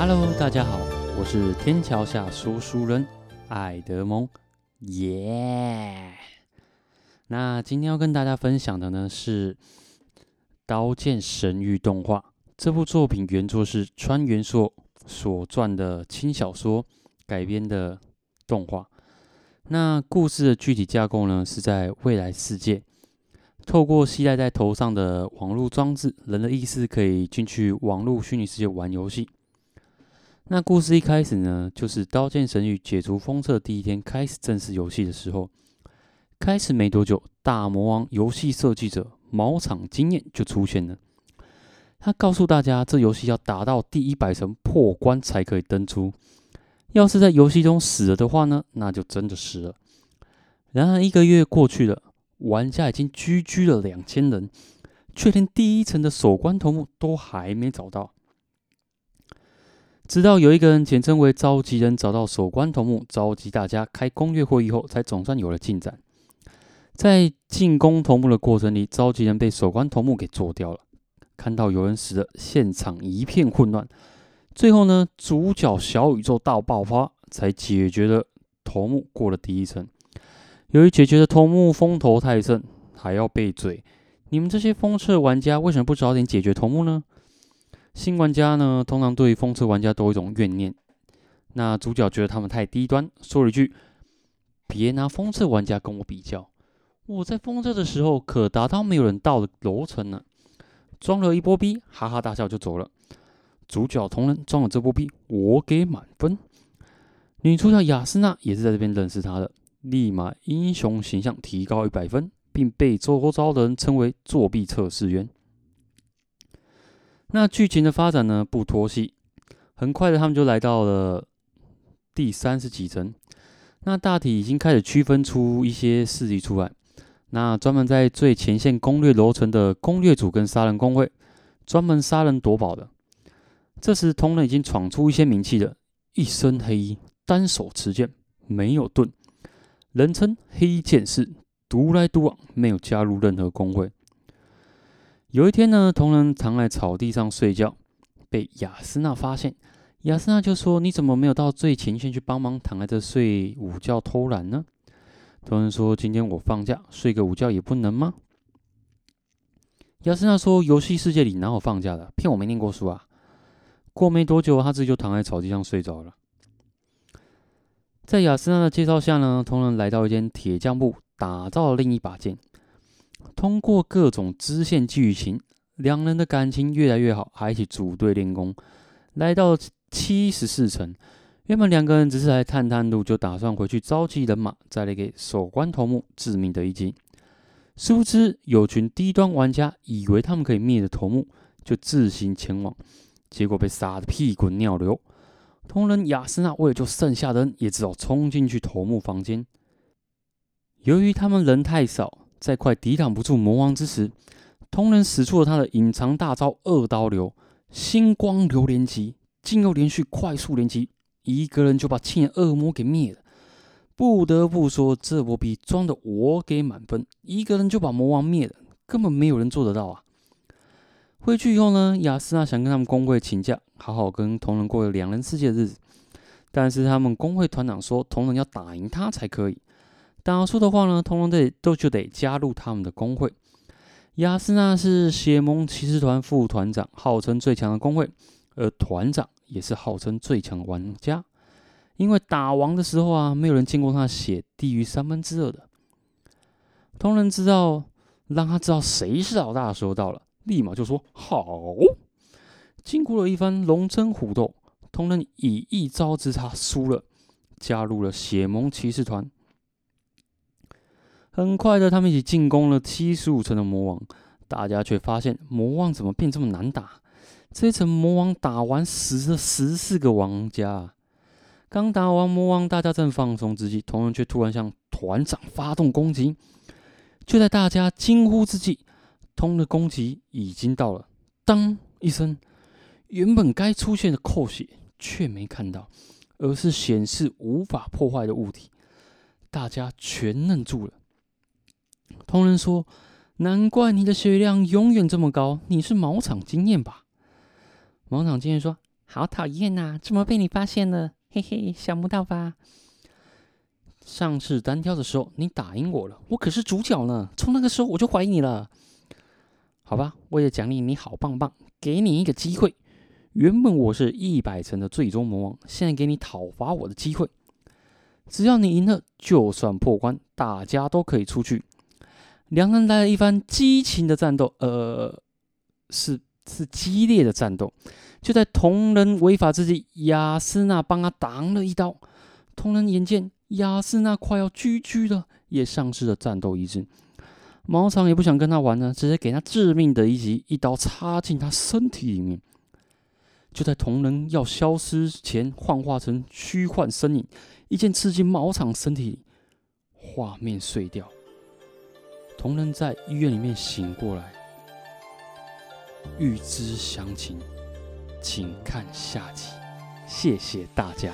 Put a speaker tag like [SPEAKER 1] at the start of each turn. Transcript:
[SPEAKER 1] Hello，大家好，我是天橋下說書人艾德蒙，耶、yeah。那今天要跟大家分享的呢是《刀劍神域》動畫。這部作品原作是川原作所撰的輕小說改編的動畫。那故事的具體架構呢是在未來世界，透過繫帶在頭上的網絡裝置，人的意識可以進去網絡虛擬世界玩遊戲。那故事一開始呢，就是《刀劍神域》解除封測第一天開始正式遊戲的時候。開始沒多久，大魔王遊戲設計者茅場晶彥就出現了。他告訴大家，這遊戲要達到第一百層破關才可以登出。要是在遊戲中死了的話呢，那就真的死了。然而一個月過去了，玩家已經 GG 了兩千人，卻連第一層的守關頭目都還沒找到。直到有一個人，簡稱為召集人，找到守關頭目，召集大家開攻略會議後，才總算有了進展。在進攻頭目的過程裡，召集人被守關頭目給做掉了。看到有人死了，現場一片混亂。最後呢，主角小宇宙大爆發，才解決了頭目，過了第一層。由於解決了頭目，風頭太盛，還要被懟你們這些封測玩家為什麼不早點解決頭目呢？新玩家呢，通常對封測玩家都有一種怨念。那主角覺得他們太低端，說了一句：“別拿封測玩家跟我比較，我在封測的時候可達到沒有人到的樓層了。”裝了一波逼，哈哈大笑就走了。主角同人裝了這波逼，我給滿分。女主角亞絲娜也是在這邊認識他的，立馬英雄形象提高一百分，並被周遭的人稱為作弊測試員。那劇情的發展呢？不拖戲，很快的，他們就來到了第三十幾層。那大體已經開始區分出一些勢力出來。那專門在最前線攻略樓層的攻略組跟殺人公會，專門殺人奪寶的。這時，桐人已經闖出一些名氣了。一身黑衣，單手持劍，沒有盾，人稱黑劍士，獨來獨往，沒有加入任何公會。有一天呢，桐人躺在草地上睡覺，被亞絲娜發現。亞絲娜就說：“你怎麼沒有到最前線去幫忙，躺在這睡午覺偷懶呢？”桐人說：“今天我放假，睡個午覺也不能嗎？”亞絲娜說：“遊戲世界裡哪有放假的？騙我沒念過書啊！”過沒多久，他自己就躺在草地上睡着了。在亞絲娜的介紹下呢，桐人來到一間鐵匠鋪，打造了另一把劍。通過各種支線劇情，兩人的感情越來越好，還一起組隊練功。來到七十四層，原本兩個人只是來探探路，就打算回去召集人馬，再來給守關頭目致命的一擊。殊不知，有群低端玩家以為他們可以滅了頭目，就自行前往，結果被殺得屁滾尿流。桐人亞絲娜為了救剩下的人，也只好衝進去頭目房間。由於他們人太少，在快抵擋不住魔王之時，桐人使出了他的隱藏大招——二刀流星光流連擊，竟又連續快速連擊，一個人就把青眼惡魔給滅了。不得不說，這波比裝的我給滿分，一個人就把魔王滅了，根本沒有人做得到啊！回去以後呢，亞斯娜想跟他們公會請假，好好跟桐人過了兩人世界的日子，但是他們公會團長說，桐人要打贏他才可以。打輸的話呢，通通得都就得加入他們的工會。亞斯娜是血盟騎士團副團長，號稱最強的工會，而團長也是號稱最強的玩家。因為打王的時候啊，沒有人見過他血低於三分之二的。桐人知道讓他知道誰是老大的時候到了，立馬就說好。經過了一番龍爭虎鬥，桐人以一招之差輸了，加入了血盟騎士團。很快的，他們一起進攻了七十五層的魔王，大家卻發現魔王怎麼變這麼難打？這一層魔王打完死了十四個玩家。剛打完魔王，大家正放鬆之際，桐人卻突然向團長發動攻擊。就在大家驚呼之際，桐的攻擊已經到了，當一聲，原本該出現的扣血卻沒看到，而是顯示無法破壞的物體。大家全愣住了。桐人說：“難怪你的血量永遠這麼高，你是茅場晶彥吧？”茅場晶彥說：“好討厭吶、啊，怎麼被你發現了？嘿嘿，想不到吧？上次單挑的時候，你打贏我了，我可是主角呢。從那個時候我就懷疑你了。好吧，為了獎勵你好棒棒，給你一個機會。原本我是一百層的最終魔王，現在給你討伐我的機會。只要你贏了，就算破關，大家都可以出去。”兩人來了一番激情的戰鬥，呃，是是激烈的戰鬥。就在桐人違法之際，亞絲娜幫他擋了一刀。桐人眼見亞絲娜快要 GG 了，也喪失了戰鬥意志。茅場也不想跟他玩了，直接給他致命的一擊，一刀插進他身體裡面。就在桐人要消失前，幻化成虛幻身影，一劍刺進茅場身體裡，畫面碎掉。同仁在醫院裡面醒過來。欲知詳情，請看下集。謝謝大家。